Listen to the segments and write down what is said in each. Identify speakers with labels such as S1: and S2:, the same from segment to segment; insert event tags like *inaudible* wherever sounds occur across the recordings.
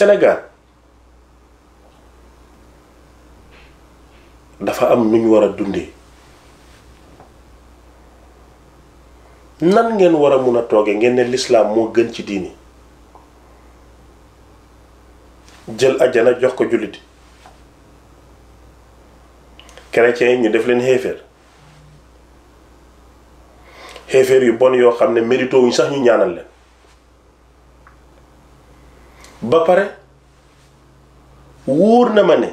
S1: Sénégal dafa am nuñ wara war nan ngeen war a mun a tooge ngeen ne lislaam moo gën ci diini jël ajjana jox ko julit chrétien ñu def leen yu bon yoo xam ne mérito sax ñu ñaanal leen ba pare wóor na ma ne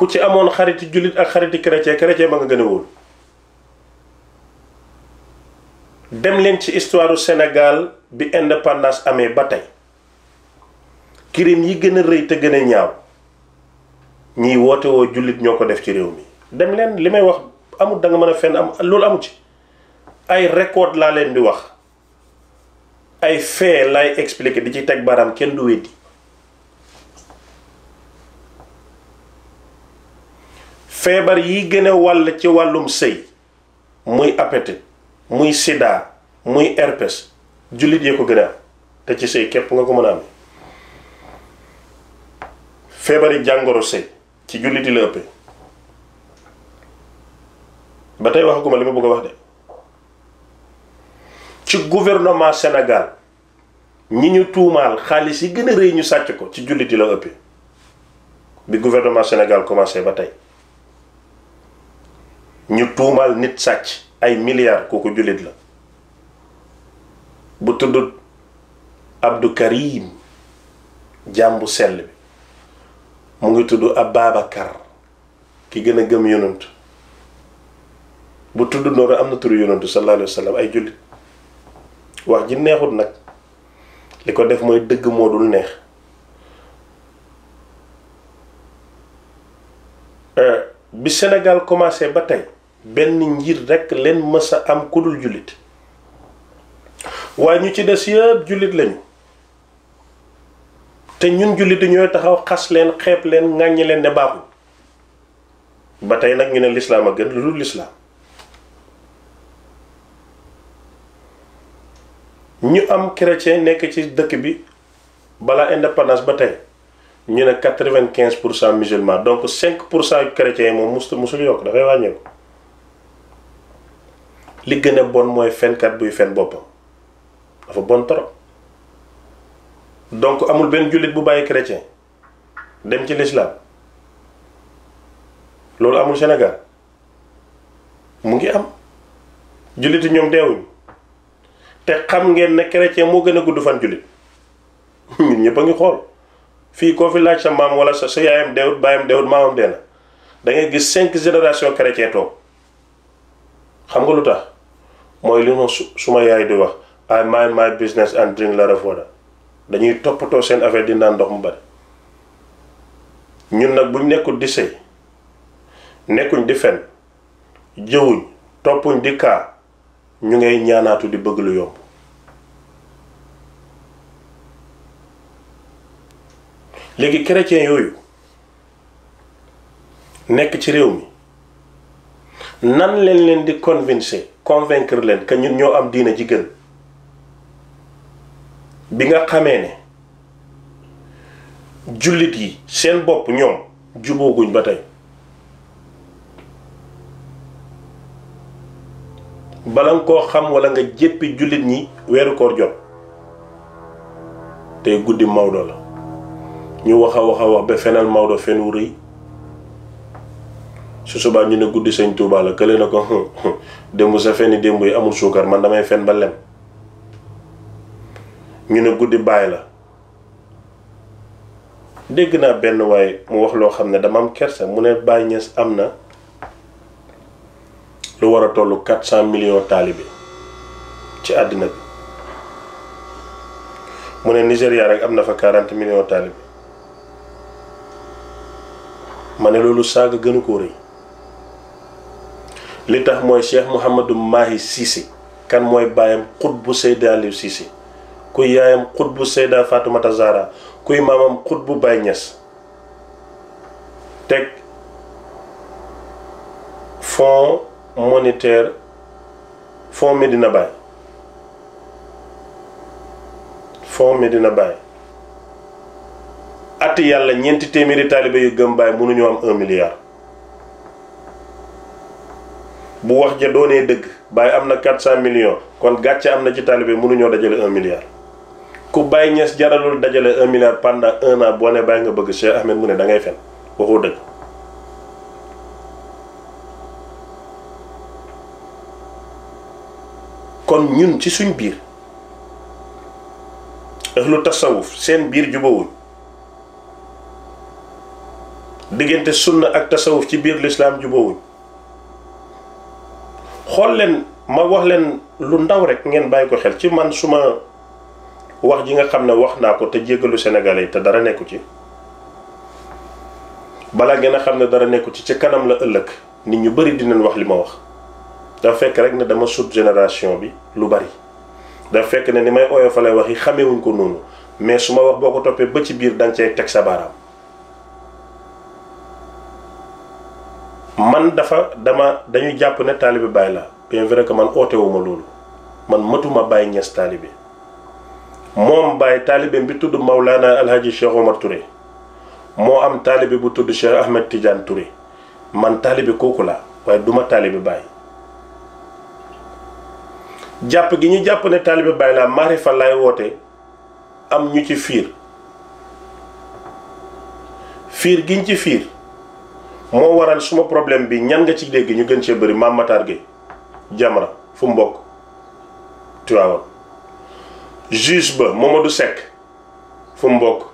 S1: ku ci amoon xariti jullit ak xariti chrétien chrétien ba nga gën a wóor dem leen ci istoiru Sénégal bi indépendance amee ba tey crime yi gën a rëy te gën a ñaaw ñiy woote woo jullit ñoo ko def ci réew mi dem leen li may wax amul da mën a fenn am loolu amu ci ay record laa leen di wax ay fee lay expliqué di ci teg baram kenn du weddi feebar yi gën a wàll ci wàllum sëy muy appétit muy sida muy herpes jullit yee ko gën te ci sëy képp nga ko mën a am feebari jàngoro sëy ci jullit yi la ëppee ba tey waxaguma li ma wax de ci gouvernement Sénégal ñi ñu tuumaal xaalis yi gën a rëy ñu sàcc ko ci jullit yi la ëppee bi gouvernement Sénégal commencé ba tey ñu tuumaal nit sàcc ay milliards kooku jullit la bu tudd Abdou Karim jàmbu sell bi mu ngi tudd Ababacar ki gën a gëm yonantu bu tudd noonu am na turu yonantu sallallahu alayhi ay jullit wax ji neexut nag li ko def mooy dëgg moo dul neex euh, bi senegal commencé ba tey benn njiit rekk leen mësa am ku dul jullit waaye ñu ci des yëpp jullit lañu te ñun jullit ñooy taxaw xas leen xeeb leen ŋàññi leen ne baaxul ba tey nag ñu ne lislaam a gën lu dul lislaam Nous am chrétien nekk ci dëkk bi Bala indépendance ba tey 95% musulmans, donc 5% est chrétiens que moom musul 4%. yokk li bon fenkat fen chrétiens. donc amul benn jullit bu bàyyi chrétien dem ci l'islam loolu amul Sénégal mu ngi te xam ngeen ne chrétien moo gën a gudd fan jullit *laughs* nit ñëpp a ngi xool fii koo fi laaj sa maam wala sa sa yaayam deewut baayam deewut maamam dee na da ngay gis cinq génération chrétien toog xam nga lu tax mooy li ma suma yaay di wax I mind my business and drink lot of water dañuy toppatoo seen affaire di naan ndox mu bari ñun nag bu nekkul di sëy nekkuñ di fen jëwuñ toppuñ di kaa ñu ngay ñaanaatu di bëgg lu yomb léegi chrétien yooyu nekk ci réew mi nan leen leen di convaincre convaincre leen que ñun ñoo am diina ji bi nga xamee ne jullit yi seen bopp ñoom jubooguñ ba tey bala nga koo xam wala nga jéppi jullit ñi weeru koor jot tey guddi Maodo la ñu wax a wax a wax ba fenal Maodo fen wu rëy su subaa ñu ne guddi sëñ Touba la kële na ko *laughs* démb sa fenni démb yi amul suukar man damay fen ba lem ñu ne guddi baay la dégg naa benn waaye mu wax loo xam ne dama am kersa mu ne Baay Ñas am na lu war a toll quatre cent millions ci àddina bi mu ne Nigéria rek am na fa quarante millions taalibe ma ne loolu saaga gënu koo rëy li tax mooy Cheikh Mouhamadou Mahi Cissé kan mooy baayam xutbu Seyda Aliou Cissé kuy yaayam xutbu Seyda Fatoumata Zahra kuy maamam xutbu Baye Niass teg fond monétaire fond Medina bay fond Medina bay atti yalla ñenti téeméeri talibé yu gëm mënu ñu am 1 milliard bu wax ja doone deug bay amna 400 millions kon gatcha amna ci talibé mënu mënuñoo dajalé 1 milliard ku bay Niass jaralul dajalé 1 milliard pendant 1 an boone bay nga bëgg Cheikh Ahmed mune da ngay fen waxo deug kon ñun ci suñ biir ahlu tasawuf seen biir jubawuñ diggante sunna ak tasawuf ci biir l'islam jubawuñ xool leen ma wax leen lu ndaw rek ngeen bàyyi ko xel ci man suma wax ji nga xam ne wax naa ko te jéggalu sénégalais te dara nekku ci bala ngeen a xam ne dara nekku ci ci kanam la ëllëg nit ñu bari dinañ wax li ma wax dafa fekk rek ne dama sut génération bi lu bari dafa fekk na ni may oyofale wax yi xamewuñ ko noonu mais su ma wax boo ko toppee ba ci biir danga cay teg sa baaraam man dafa dama dañu jàpp ne taalibe Baay la bien vrai que man ootewuma loolu man matuma bàyyi Ñas taalibe moom Baay taalibeem bi tudd Maulana Alhaji Cheikh Omar Touré moo am taalibe bu tudd Cheikh Ahmed Tidiane Touré man taalibe kooku la waaye duma taalibe Baay jàpp gi ñu jàpp ne taalibe Baay laa maarifa laay woote am ñu ci fiir fiir gi ñu ci fiir moo waral suma problème bi ñan nga ci dégg ñu gën cee bëri Mame gi Gueye fu mu bokk Tiwaawan juge ba Mamadou Seck fu mu bokk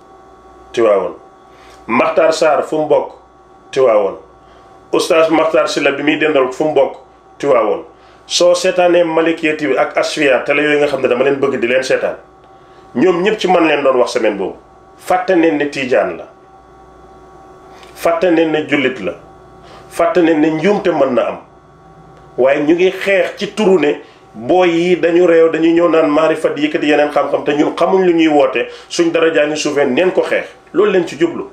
S1: Tiwaawan Makhtar Sarr fu mu bokk Tiwaawan oustaz Makhtar Sylla bi muy dendal fu mu bokk Tiwaawan so setané malikiyati bi ak asfiya télé yoy nga xamné dama len bëgg di len seetaan ñom ñëpp ci man len doon wax semaine boobu fàtte né ne tiijaan la fàtte né ne jullit la fàtte né ne njuumte mën na am waye ñu ngi xeex ci turu né boy yi dañu réew dañu ñëw naan yenen xam-xam té ñun xamuñ lu ñuy woté suñ dara jaa ngi neen ko xeex loolu len ci jublu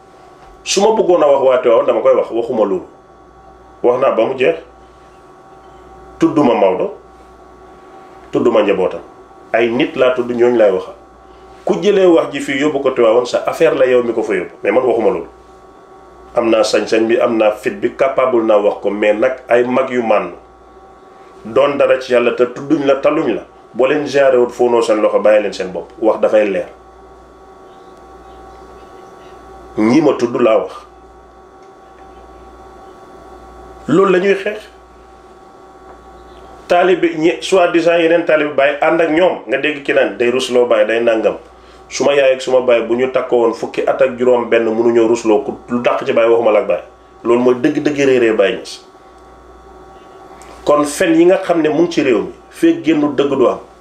S1: suma bëggona wax waté dama koy wax waxuma loolu waxna jeex tudduma Maodo tudduma njabootam ay nit laa tudd ñooñu lay wax ku jële wax ji fii yóbbu ko Tiwaawoon sa affaire la yow mi ko fa yóbbu mais man waxuma loolu am na sañ-sañ bi am na fit bi capable naa wax ko mais nag ay mag yu mànn doon dara ci yàlla te tudduñ la taluñ la boo leen genre wut fóonoo seen loxo bàyyi leen seen bopp wax dafay leer ñi ma tudd laa wax loolu la xeex. taalibe ñi soi-disant yeneen taalibe bàyyi ànd ak ñoom nga dégg ki naan day rusloo bàyyi day nàngam su ma yaay ak su ma bu ñu takkoo woon fukki at ak juróom benn mënuñoo rusloo ku lu daq ci baay waxuma la ak bàyyi loolu mooy dëgg-dëgg réeree bàyyi ñis kon fen yi nga xam ne mu ngi ci réew mi fekk génnu dëgg du am